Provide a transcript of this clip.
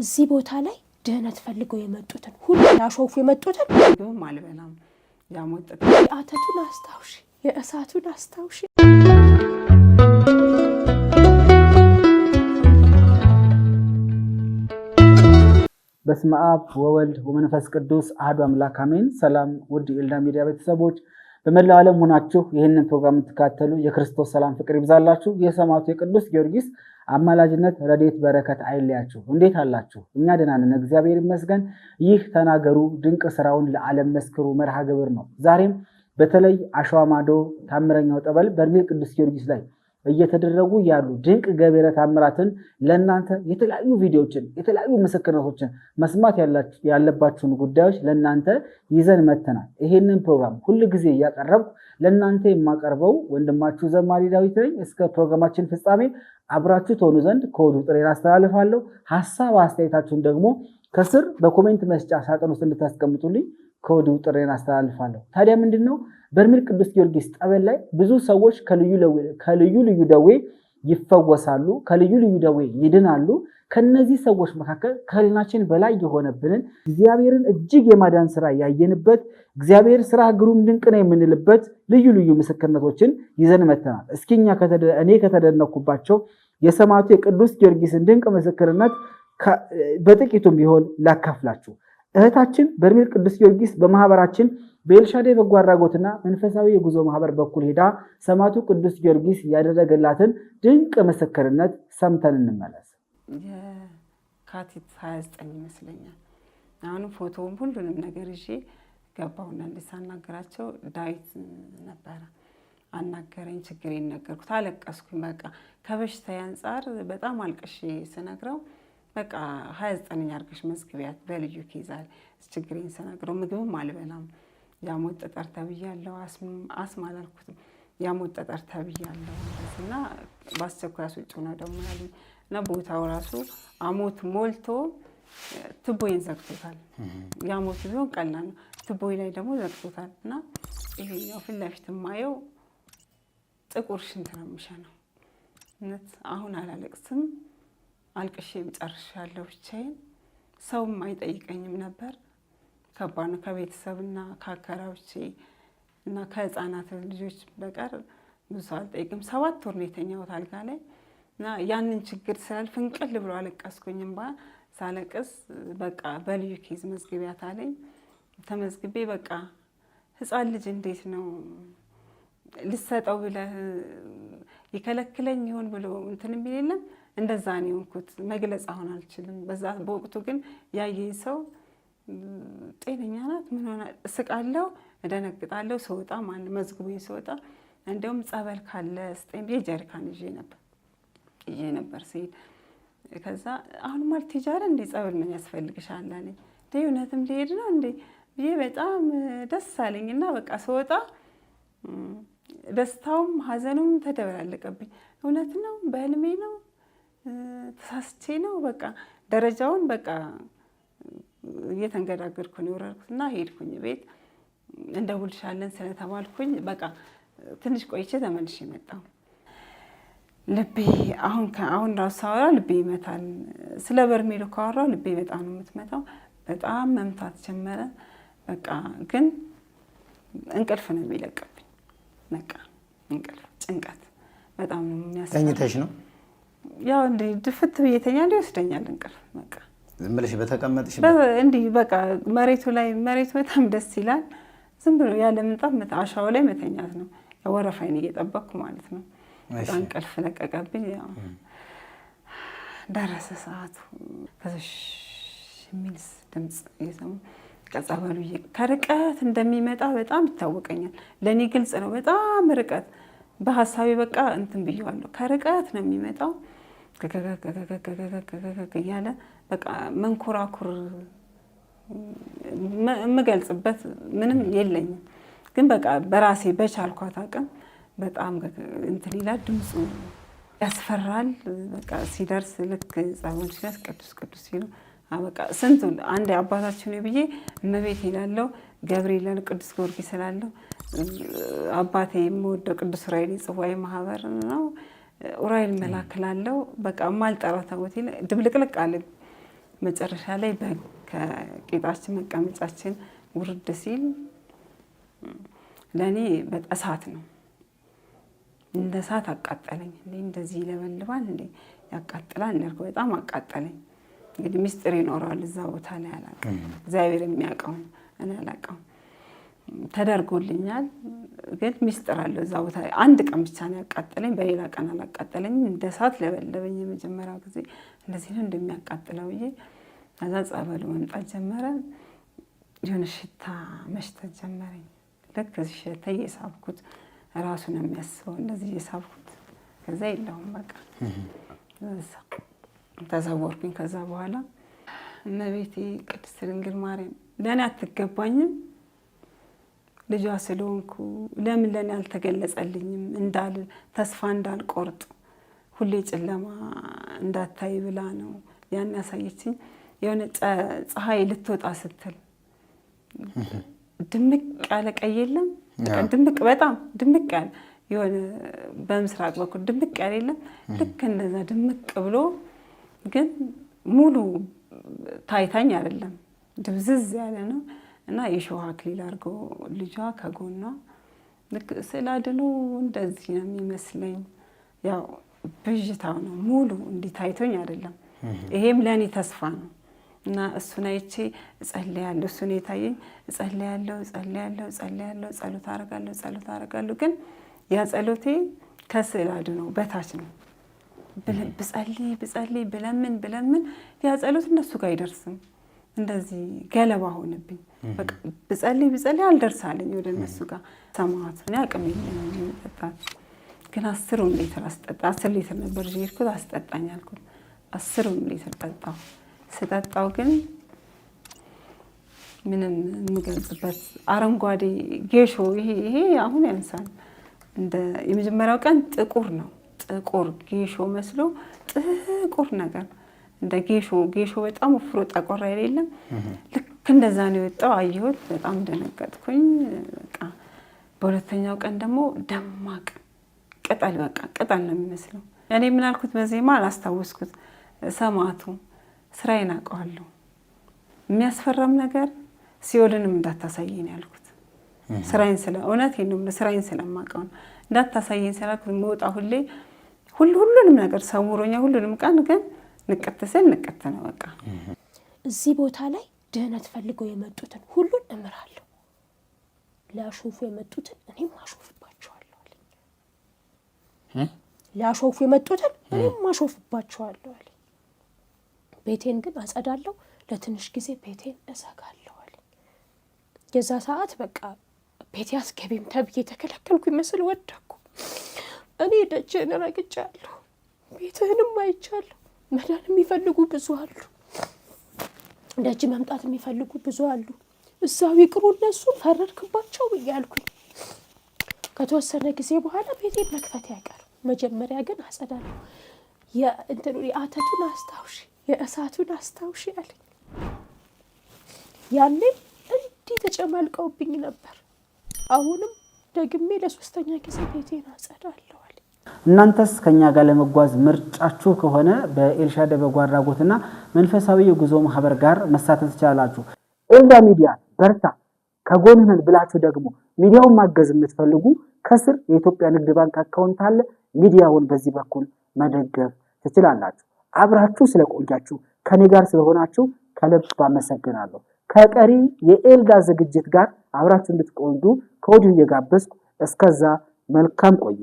እዚህ ቦታ ላይ ድህነት ፈልገው የመጡትን ሁሉ ያሾፉ የመጡትን ግብም አልበላም የአተቱን የእሳቱን አስታውሽ በስመ አብ ወወልድ ወመንፈስ ቅዱስ አህዱ አምላክ አሜን። ሰላም ውድ ኤልዳ ሚዲያ ቤተሰቦች በመላው ዓለም ሆናችሁ ይህንን ፕሮግራም የምትካተሉ የክርስቶስ ሰላም ፍቅር ይብዛላችሁ። የሰማዕቱ የቅዱስ ጊዮርጊስ አማላጅነት፣ ረዴት፣ በረከት አይለያችሁ። እንዴት አላችሁ? እኛ ደህና ነን፣ እግዚአብሔር ይመስገን። ይህ ተናገሩ ድንቅ ስራውን ለዓለም መስክሩ መርሃ ግብር ነው። ዛሬም በተለይ አሸዋማዶ ታምረኛው ጠበል በርሜል ቅዱስ ጊዮርጊስ ላይ እየተደረጉ ያሉ ድንቅ ገቢረ ተአምራትን ለእናንተ የተለያዩ ቪዲዮዎችን የተለያዩ ምስክርነቶችን መስማት ያለባችሁን ጉዳዮች ለእናንተ ይዘን መተናል። ይሄንን ፕሮግራም ሁል ጊዜ እያቀረብኩ ለእናንተ የማቀርበው ወንድማችሁ ዘማሪ ዳዊት ነኝ። እስከ ፕሮግራማችን ፍጻሜ አብራችሁ ትሆኑ ዘንድ ከወዱ ጥሬን አስተላልፋለሁ። ሀሳብ አስተያየታችሁን ደግሞ ከስር በኮሜንት መስጫ ሳጥን ውስጥ እንድታስቀምጡልኝ ከወዲሁ ጥሬን አስተላልፋለሁ። ታዲያ ምንድን ነው በርሜል ቅዱስ ጊዮርጊስ ጠበል ላይ ብዙ ሰዎች ከልዩ ልዩ ደዌ ይፈወሳሉ፣ ከልዩ ልዩ ደዌ ይድናሉ። ከነዚህ ሰዎች መካከል ከህሊናችን በላይ የሆነብንን እግዚአብሔርን እጅግ የማዳን ስራ ያየንበት እግዚአብሔር ስራ ግሩም ድንቅ ነው የምንልበት ልዩ ልዩ ምስክርነቶችን ይዘን መተናል። እስኪ እኔ ከተደነኩባቸው የሰማዕቱ የቅዱስ ጊዮርጊስን ድንቅ ምስክርነት በጥቂቱም ቢሆን ላካፍላችሁ። እህታችን በርሜል ቅዱስ ጊዮርጊስ በማህበራችን በኤልሻዴ በጎ አድራጎትና መንፈሳዊ የጉዞ ማህበር በኩል ሄዳ ሰማዕቱ ቅዱስ ጊዮርጊስ ያደረገላትን ድንቅ ምስክርነት ሰምተን እንመለስ። የካቲት 29 ይመስለኛል። አሁንም ፎቶውን ሁሉንም ነገር ይዤ ገባሁና እንዴት ሳናገራቸው ዳዊት ነበረ አናገረኝ። ችግሬን ነገርኩት፣ አለቀስኩኝ። በቃ ከበሽታዬ አንጻር በጣም አልቅሼ ስነግረው በቃ ሀያ ዘጠነኛ አድርገሽ መዝግቢያት በልዩ ኬዛል ችግሬን ስነግረው ምግብም አልበላም ያሞት ጠጠር ተብያለሁ። አስም አላልኩትም ያሞት ጠጠር ተብያለሁ እና በአስቸኳይ አስወጪው ነው ደግሞ ያሉኝ እና ቦታው ራሱ አሞት ሞልቶ ትቦይን ዘግቶታል። ያሞት ቢሆን ቀላል ነው፣ ትቦይ ላይ ደግሞ ዘግቶታል። እና ይሄኛው ፊት ለፊት የማየው ጥቁር ሽንት ነው የሚሸነው። እውነት አሁን አላለቅስም። አልቅሼም ጨርሻለሁ ብቻዬን። ሰውም አይጠይቀኝም ነበር። ከባድ ነው። ከቤተሰብና ከአከራዎቼ እና ከህፃናት ልጆች በቀር ብዙ ሰው አልጠይቅም። ሰባት ወር ነው የተኛሁት አልጋ ላይ እና ያንን ችግር ስላልፍ እንቅል ብሎ አለቀስኩኝም እምባ ሳለቅስ በቃ በልዩ ኬዝ መዝግቢያት አለኝ። ተመዝግቤ በቃ ህፃን ልጅ እንዴት ነው ልሰጠው ብለህ ይከለክለኝ ይሆን ብሎ እንትን የሚል የለም እንደዛ ነው የሆንኩት። መግለጽ አሁን አልችልም። በዛ በወቅቱ ግን ያየኝ ሰው ጤነኛ ናት ምን ሆና እስቃለሁ፣ እደነግጣለሁ። ስወጣ ማን መዝግቡ ስወጣ እንደውም ጸበል ካለ ስጤን ብዬ ጀሪካን ይዤ ነበር ይዤ ነበር ሲሄድ ከዛ አሁን ማለት ይጃለ እንዴ ጸበል ምን ያስፈልግሻል አለኝ። እውነትም ሊሄድ ነው እንዴ ብዬ በጣም ደስ አለኝ እና በቃ ስወጣ ደስታውም ሀዘኑም ተደበላለቀብኝ። እውነት ነው በህልሜ ነው ተሳስቼ ነው በቃ ደረጃውን በቃ እየተንገዳገድኩን ነው ሄድኩኝ ቤት እንደውልሻለን ስለተባልኩኝ በቃ ትንሽ ቆይቼ ተመልሼ መጣሁ። ልቤ አሁን አሁን ራሱ ሳወራ ልቤ ይመታል። ስለ በርሜሉ ካወራው ልቤ በጣም ነው የምትመታው። በጣም መምታት ጀመረ። በቃ ግን እንቅልፍ ነው የሚለቀብኝ። በቃ እንቅልፍ፣ ጭንቀት በጣም ነው የሚያስ ነው ያው እንደ ድፍት ብዬ እተኛለሁ ይወስደኛል እንቅልፍ። በቃ ዝም ብለሽ በተቀመጥሽ እንዲህ በቃ መሬቱ ላይ መሬቱ በጣም ደስ ይላል። ዝም ብሎ ያለ ምንጣፍ አሻው ላይ መተኛት ነው። ወረፋይን እየጠበቅኩ ማለት ነው። በጣም እንቅልፍ ለቀቀብኝ። ደረሰ ሰዓቱ። ከዚህ የሚልስ ድምፅ እየሰሙ ቀጸበሉ ከርቀት እንደሚመጣ በጣም ይታወቀኛል። ለእኔ ግልጽ ነው። በጣም ርቀት በሀሳቤ በቃ እንትን ብየዋለሁ። ከርቀት ነው የሚመጣው እያለ በቃ መንኮራኩር የምገልጽበት ምንም የለኝም። ግን በቃ በራሴ በቻልኳት አቅም በጣም እንትን ይላል፣ ድምፁ ያስፈራል። በቃ ሲደርስ ልክ ጸበል ሲደርስ ቅዱስ ቅዱስ ሲሉ በቃ ስንቱ አንድ አባታችን ብዬ እመቤት ይላለው፣ ገብርኤል ይላል፣ ቅዱስ ጊዮርጊስ ስላለው አባቴ የምወደው ቅዱስ ራይል ጽዋይ ማህበር ነው ኡራኤል መላክ ላለው በቃ ማልጠራ ታቦቴ ድብልቅልቅ አለን። መጨረሻ ላይ ከቄጣችን መቀመጫችን ውርድ ሲል ለእኔ እሳት ነው፣ እንደ እሳት አቃጠለኝ። እንዴ እንደዚህ ይለበልባል፣ እንዴ ያቃጥላል ነርኩ። በጣም አቃጠለኝ። እንግዲህ ሚስጥር ይኖረዋል እዛ ቦታ ላይ አላውቅም፣ እግዚአብሔር የሚያውቀውን እኔ አላውቀውም። ተደርጎልኛል። ግን ሚስጥር አለው እዛ ቦታ። ላይ አንድ ቀን ብቻ ነው ያቃጠለኝ፣ በሌላ ቀን አላቃጠለኝም። እንደ እሳት ለበለበኝ። የመጀመሪያው ጊዜ እንደዚህ ነው እንደሚያቃጥለው ብዬ ከዛ ጸበሉ መምጣት ጀመረ። የሆነ ሽታ መሽተት ጀመረኝ። ልክ ከዚህ ሸተ እየሳብኩት ራሱ ነው የሚያስበው፣ እንደዚህ እየሳብኩት ከዛ የለውም በቃ ተሰወርኩኝ። ከዛ በኋላ እመቤቴ ቅድስት ድንግል ማርያም ለእኔ አትገባኝም ልጇ ስለሆንኩ ለምን ለእኔ አልተገለጸልኝም እንዳል ተስፋ እንዳልቆርጥ ሁሌ ጨለማ እንዳታይ ብላ ነው ያን ያሳየችኝ። የሆነ ፀሐይ ልትወጣ ስትል ድምቅ ያለ ቀይ የለም ድምቅ በጣም ድምቅ ያለ የሆነ በምስራቅ በኩል ድምቅ ያለ የለም ልክ እንደዛ ድምቅ ብሎ ግን ሙሉ ታይታኝ አይደለም ድብዝዝ ያለ ነው። እና የሸዋ አክሊል አድርገው ልጇ ከጎኗ ልክ ስዕል አድኖ እንደዚህ ነው የሚመስለኝ። ያው ብዥታው ነው ሙሉ እንዲህ ታይቶኝ አይደለም። ይሄም ለእኔ ተስፋ ነው እና እሱን አይቼ እጸልያለሁ። እሱን የታየኝ እጸልያለሁ፣ እጸልያለሁ፣ እጸልያለሁ፣ ጸሎት አደርጋለሁ፣ ጸሎት አደርጋለሁ። ግን ያ ጸሎቴ ከስዕል አድኖ በታች ነው። ብጸልይ ብጸልይ ብለምን ብለምን ያ ጸሎት እነሱ ጋር አይደርስም። እንደዚህ ገለባ ሆነብኝ። ብጸልይ ብጸልይ አልደርሳለኝ ወደ እነሱ ጋር ሰማት አቅም የጠጣት ግን አስሩን ሊትር አስጠጣ አስር ሊትር ነበር ሄድኩት አስጠጣኝ አልኩት። አስሩን ሊትር ጠጣው። ስጠጣው ግን ምንም የምገልጽበት አረንጓዴ ጌሾ ይሄ ይሄ አሁን ያንሳል። እንደ የመጀመሪያው ቀን ጥቁር ነው ጥቁር ጌሾ መስሎ ጥቁር ነገር እንደ ጌሾ ጌሾ በጣም ወፍሮ ጠቆራ አይደለም። ልክ እንደዛ ነው የወጣው። አየሁት፣ በጣም ደነገጥኩኝ። በቃ በሁለተኛው ቀን ደግሞ ደማቅ ቅጠል በቃ ቅጠል ነው የሚመስለው። እኔ ምን አልኩት በዜማ አላስታወስኩት። ሰማዕቱ ስራዬን አውቀዋለሁ፣ የሚያስፈራም ነገር ሲኦልንም እንዳታሳየኝ ያልኩት ስራዬን ስለ እውነት ስራዬን ስለማውቀው ነው እንዳታሳየኝ ስላልኩት መውጣ ሁሌ ሁሉ ሁሉንም ነገር ሰውሮኛ ሁሉንም ቀን ግን ንቅት ስል ንቅት ነው በቃ። እዚህ ቦታ ላይ ድህነት ፈልገው የመጡትን ሁሉን እምራለሁ፣ ሊያሾፉ የመጡትን እኔም አሾፍባቸዋለሁ አለኝ። ሊያሾፉ የመጡትን እኔም አሾፍባቸዋለሁ አለኝ። ቤቴን ግን አጸዳለሁ፣ ለትንሽ ጊዜ ቤቴን እዘጋለሁ አለኝ። የዛ ሰዓት በቃ ቤቴ አስገቢም ተብዬ የተከለከልኩ ይመስል ወደኩ። እኔ ደጀን ረግጫለሁ፣ ቤትህንም አይቻለሁ መዳን የሚፈልጉ ብዙ አሉ። ደጅ መምጣት የሚፈልጉ ብዙ አሉ። እዛው ይቅሩ እነሱ ፈረድክባቸው እያልኩኝ ከተወሰነ ጊዜ በኋላ ቤቴን መክፈት ያቀር። መጀመሪያ ግን አጸዳለሁ። የእንትኑ የአተቱን አስታውሽ የእሳቱን አስታውሽ አለኝ። ያኔም እንዲህ ተጨማልቀውብኝ ነበር። አሁንም ደግሜ ለሶስተኛ ጊዜ ቤቴን አጸዳለሁ። እናንተስ ከኛ ጋር ለመጓዝ ምርጫችሁ ከሆነ በኤልሻዳይ በጎ አድራጎትና መንፈሳዊ የጉዞ ማህበር ጋር መሳተፍ ትችላላችሁ። ኤልዳ ሚዲያ በርታ ከጎንህን ብላችሁ ደግሞ ሚዲያውን ማገዝ የምትፈልጉ ከስር የኢትዮጵያ ንግድ ባንክ አካውንት አለ። ሚዲያውን በዚህ በኩል መደገፍ ትችላላችሁ። አብራችሁ ስለቆያችሁ ከኔ ጋር ስለሆናችሁ ከልብ አመሰግናለሁ። ከቀሪ የኤልዳ ዝግጅት ጋር አብራችሁ እንድትቆዩ ከወዲሁ እየጋበዝኩ እስከዛ መልካም ቆዩ።